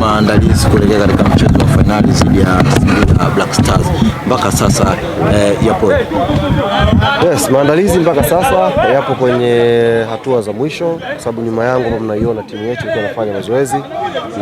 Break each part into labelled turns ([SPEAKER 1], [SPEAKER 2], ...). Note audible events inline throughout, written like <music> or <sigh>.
[SPEAKER 1] Maandalizi kuelekea katika mchezo wa fainali dhidi ya Black Stars mpaka sasa eh, yapo.
[SPEAKER 2] Yes, maandalizi mpaka sasa eh, yapo kwenye hatua za mwisho, kwa sababu nyuma yangu mnaiona timu yetu ikiwa inafanya mazoezi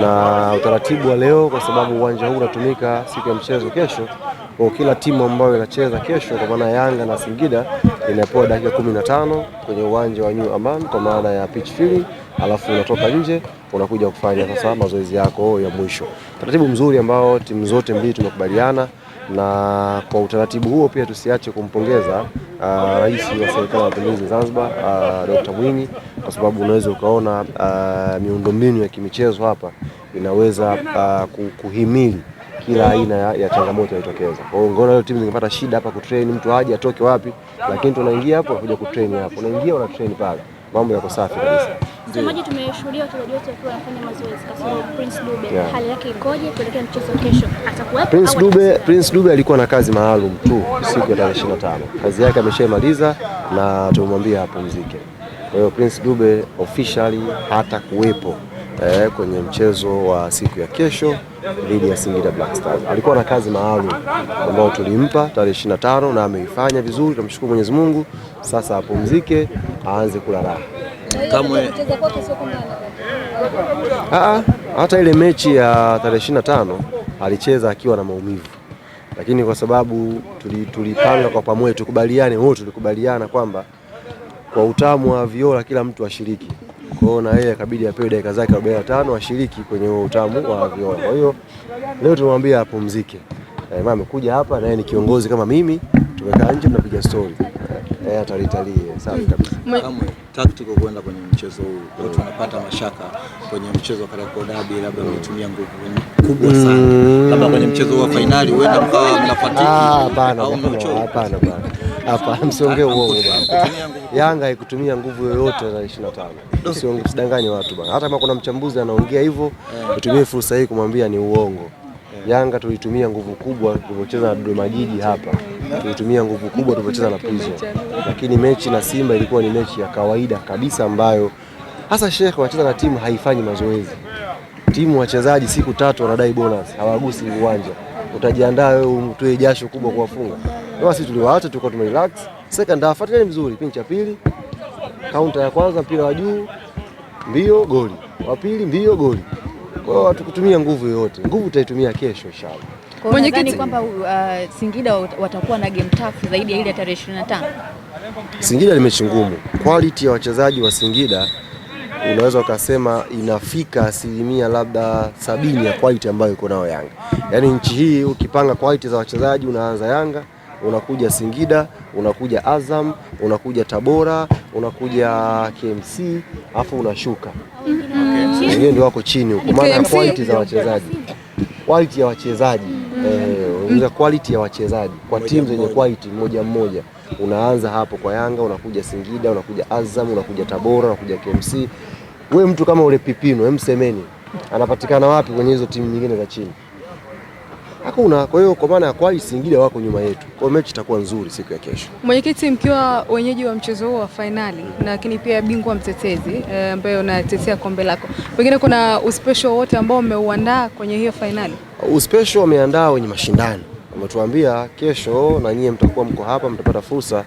[SPEAKER 2] na utaratibu wa leo, kwa sababu uwanja huu unatumika siku ya mchezo kesho kwa kila timu ambayo inacheza kesho, kwa maana Yanga na Singida inapewa dakika 15 kwenye uwanja wa New Aman kwa maana ya pitch field alafu unatoka nje unakuja kufanya sasa mazoezi yako ya mwisho. Taratibu mzuri ambao timu zote mbili tumekubaliana na kwa utaratibu huo pia tusiache kumpongeza ah, Rais wa Serikali ya Mapinduzi Zanzibar ah, Dr. Mwinyi kwa sababu unaweza ukaona ah, miundombinu ya kimichezo hapa inaweza kuhimili kila aina ya ya changamoto inayotokeza. Kwa hiyo ungeona leo timu zingepata shida hapa kutrain, mtu aje atoke wapi, lakini tunaingia hapo kuja kutrain hapo, unaingia una train pale, mambo yako safi kabisa.
[SPEAKER 3] Msemaji, tumeshuhudia wachezaji wote wakiwa wanafanya mazoezi kasoro Prince Dube. Hali yake ikoje kuelekea mchezo kesho?
[SPEAKER 2] Atakuwepo? Prince Dube, Prince Dube alikuwa na kazi maalum tu siku ya tarehe 25. Kazi yake ameshaimaliza na tumemwambia apumzike. Kwa hiyo Prince Dube officially hata kuwepo eh, kwenye mchezo wa siku ya kesho dhidi ya Singida Black Stars. Alikuwa na kazi maalum ambayo tulimpa tarehe 25 na ameifanya vizuri, tumshukuru Mwenyezi Mungu. Sasa apumzike, aanze kula raha kamwe. Aa, ah, ah, hata ile mechi ya tarehe alicheza akiwa na maumivu, lakini kwa sababu tulipanga kwa pamoja tukubaliane wote, tulikubaliana kwamba kwa utamu wa viola kila mtu ashiriki kwao, na yeye akabidi apewe dakika zake 45 ashiriki kwenye huo utamu wa viola. Kwa hiyo leo tumemwambia apumzike. Eh, mama amekuja hapa na yeye ni kiongozi kama mimi, tumekaa nje tunapiga stori eh, atalitalii eh,
[SPEAKER 4] safi mm. kabisa. Kamwe tactical kwenda kwenye mchezo huu, watu wanapata mashaka kwenye mchezo wa Kariakoo Derby, labda mmetumia mm. nguvu kubwa sana, mm. labda kwenye mchezo wa finali huenda mkawa mnafatiki. Ah,
[SPEAKER 2] Hapana, hapana bwana, hapa msiongee uongo bwana. Yanga haikutumia nguvu yoyote na 25, siongee, usidanganye watu bwana. Hata kama kuna mchambuzi anaongea hivyo, eh. nitumie fursa hii kumwambia ni uongo. Eh. Yanga tulitumia nguvu kubwa tulipocheza na Dodoma Jiji hapa tulitumia nguvu kubwa, tulipocheza na Prison, lakini mechi na Simba ilikuwa ni mechi ya kawaida kabisa ambayo hasa Sheikh wacheza na timu haifanyi mazoezi. Timu wachezaji siku tatu wanadai bonus, hawagusi uwanja. Utajiandaa wewe umtoe jasho kubwa kuwafunga? Sisi tuliwaacha, tulikuwa relax. Second half hata mzuri, kipindi cha pili kaunta ya kwanza, mpira wa juu, mbio goli, wa pili mbio goli. Kwa hiyo hatukutumia nguvu yoyote, nguvu tutaitumia kesho inshallah.
[SPEAKER 3] Mwenyekiti kwamba uh, Singida watakuwa na game tough zaidi ya ile ya tarehe 25.
[SPEAKER 2] Singida ni mechi ngumu. Quality ya wachezaji wa Singida unaweza ukasema inafika asilimia labda sabini ya quality ambayo iko nayo Yanga. Yaani nchi hii ukipanga quality za wachezaji unaanza Yanga, unakuja Singida, unakuja Azam, unakuja Tabora, unakuja KMC, afu unashuka mm-hmm. wengine, okay. Ndio wako chini huko, maana quality za wachezaji, quality ya wachezaji mm mm. quality ya wachezaji kwa timu zenye quality mmoja mmoja. Unaanza hapo kwa Yanga, unakuja Singida, unakuja Azam, unakuja Tabora, unakuja KMC. We mtu kama ule Pipino, hem, semeni anapatikana wapi kwenye hizo timu nyingine za chini? hakuna. Kwa hiyo kwa maana ya kweli Singida wako nyuma yetu, kwa mechi itakuwa nzuri siku ya kesho.
[SPEAKER 3] Mwenyekiti, mkiwa wenyeji wa mchezo huo wa fainali, mm. lakini pia bingwa mtetezi eh, ambaye unatetea kombe lako, pengine kuna uspesho wote ambao umeuandaa kwenye hiyo fainali?
[SPEAKER 2] Uspesho wameandaa wenye mashindano, wametuambia kesho na nyie mtakuwa mko hapa, mtapata fursa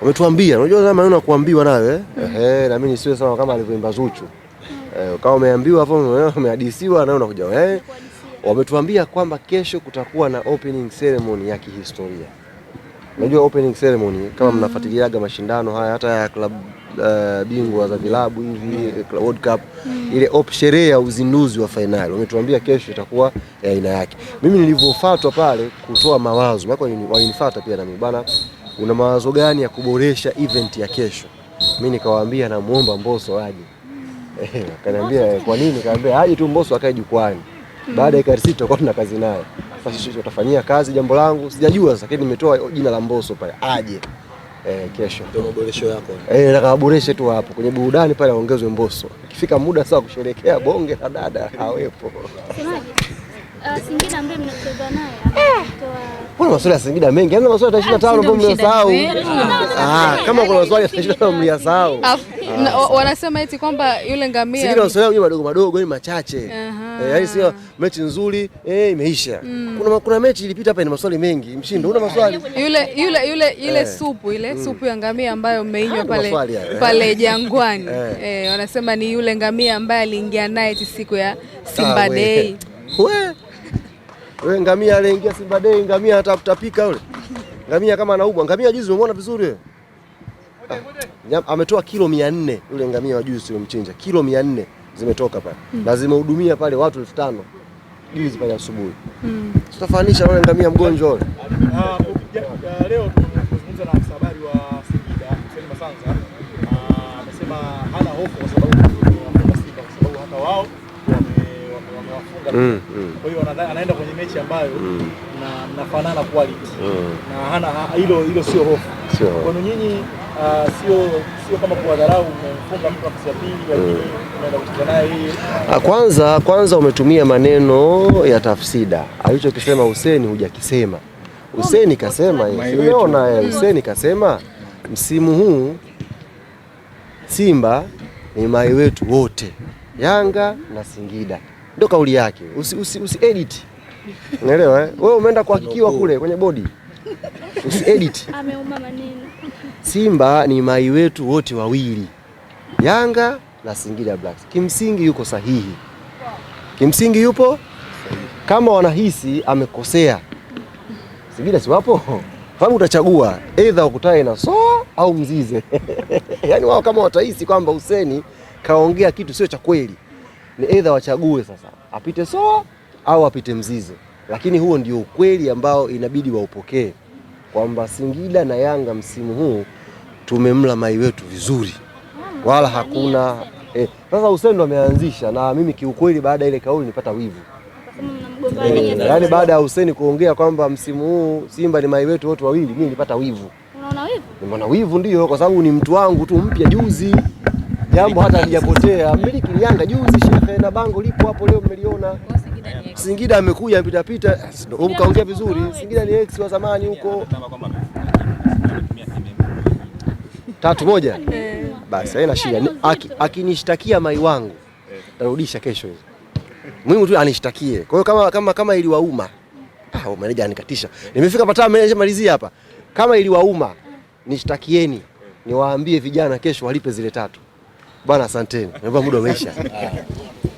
[SPEAKER 2] wametuambia unajua, kama maneno kuambiwa nawe mm. Eh, eh na mimi nisiwe sawa kama alivyoimba Zuchu mm. Eh, kama umeambiwa hapo umehadisiwa na unakuja eh wametuambia kwamba kesho kutakuwa na opening ceremony ya kihistoria. Unajua opening ceremony kama mm. mnafuatiliaga mashindano haya hata ya club uh, bingwa za vilabu hivi mm. Eh, World Cup mm. ile op sherehe ya uzinduzi wa finali wametuambia kesho itakuwa ya aina yake. Mimi nilivyofuatwa pale kutoa mawazo, mako walinifuata pia na mimi bana, una mawazo gani ya kuboresha event ya kesho? Mimi nikawaambia namuomba Mbosso aje. Mm. <laughs> Akaniambia eh, kwa nini? Kaambia aje tu Mbosso akae jukwani baada ya sita tutakuwa tuna kazi naye. Sasa sisi tutafanyia kazi jambo langu sijajua sasa, lakini nimetoa jina la Mbosso pale aje eh, kesho
[SPEAKER 4] ndio maboresho yako
[SPEAKER 2] eh, nataka aboreshe tu hapo kwenye burudani pale, aongezwe Mbosso. Ikifika muda sasa kusherehekea bonge la dada hawepo. Eh, eh. Kuna maswali ya Singida mengi, yaani maswali ya 25 ndio mliyasahau. kama kuna maswali ya 25 mliyasahau.
[SPEAKER 3] Wanasema eti kwamba yule ngamia
[SPEAKER 2] Singida, maswali madogo madogo ni yaani machache eh, yaani sio mechi nzuri eh, imeisha. Mm. Kuna, kuna mechi ilipita hapa ina maswali mengi, mshindo una maswali
[SPEAKER 3] yule yule yule ile eh, supu ile mm, supu ya ngamia ambayo umeinywa pale pale Jangwani eh, eh, wanasema ni yule ngamia ambaye aliingia naye siku ya Simba ah, Day
[SPEAKER 2] we ngamia aliingia Simba Day, ngamia hata kutapika yule ngamia kama anaubwa. Ngamia juzi umeona vizuri wewe? Ah, ametoa kilo 400 yule ngamia wa juzi, umemchinja. kilo 400 zimetoka pale mm. na zimehudumia pale watu elfu tano juzi pale asubuhi mm. tutafanisha wale ngamia mgonjwa wale
[SPEAKER 5] ah, ah, leo tunazungumza na afisa habari wa Singida Hussein Masanza ah, amesema hana hofu kwa sababu kwa sababu hata wao wamewafunga hmm, hmm. kwa hiyo anaenda kwenye mechi ambayo hmm. na mnafanana quality na hana hilo hilo sio hofu sio kwa nyinyi Uh, sio sio kama kuwadharau, mtu ya pili, mm. kucheza naye
[SPEAKER 2] ah, Kwanza kwanza umetumia maneno ya tafsida, alichokisema ah, huseni hujakisema. Hussein kasema umeona, mm. huseni kasema msimu huu Simba ni mai wetu wote, Yanga na Singida, ndio kauli yake. Usi, usi, usi edit, unaelewa eh? Wewe umeenda kuhakikiwa kule kwenye bodi, usi edit.
[SPEAKER 3] Ameuma maneno
[SPEAKER 2] Simba ni mai wetu wote wawili, Yanga na Singida Blacks. Kimsingi yuko sahihi, kimsingi yupo kama wanahisi amekosea. Singida si wapo, sababu utachagua aidha ukutane na soa au mzize <laughs> yaani wao kama watahisi kwamba Huseni kaongea kitu sio cha kweli, ni aidha wachague sasa, apite soa au apite mzize, lakini huo ndio ukweli ambao inabidi waupokee kwamba Singida na Yanga msimu huu tumemla mai wetu vizuri, wala hakuna eh. Sasa Hussein ndo ameanzisha, na mimi kiukweli, baada ya ile kauli nipata wivu eh, yaani baada ya Hussein kuongea kwamba msimu huu Simba ni mai wetu wote wawili, mimi nilipata wivu. Unaona wivu? Nimeona wivu ndio, kwa sababu ni mtu wangu tu mpya juzi jambo hata halijapotea. Mmiliki lianga juzi, shehe, na bango lipo hapo, leo mmeliona. Singida amekuja pita, kaongea vizuri. Singida ni ex wa zamani huko tatu moja eh. basi, haina shida. Akinishtakia mai wangu narudisha kesho hizo, muhimu tu anishtakie. Kwa hiyo kama, kama, kama iliwauma ah, meneja anikatisha, nimefika pataa meneja, malizia hapa. Kama iliwauma nishtakieni, niwaambie vijana kesho walipe zile tatu bwana. Asanteni, muda umeisha. <laughs>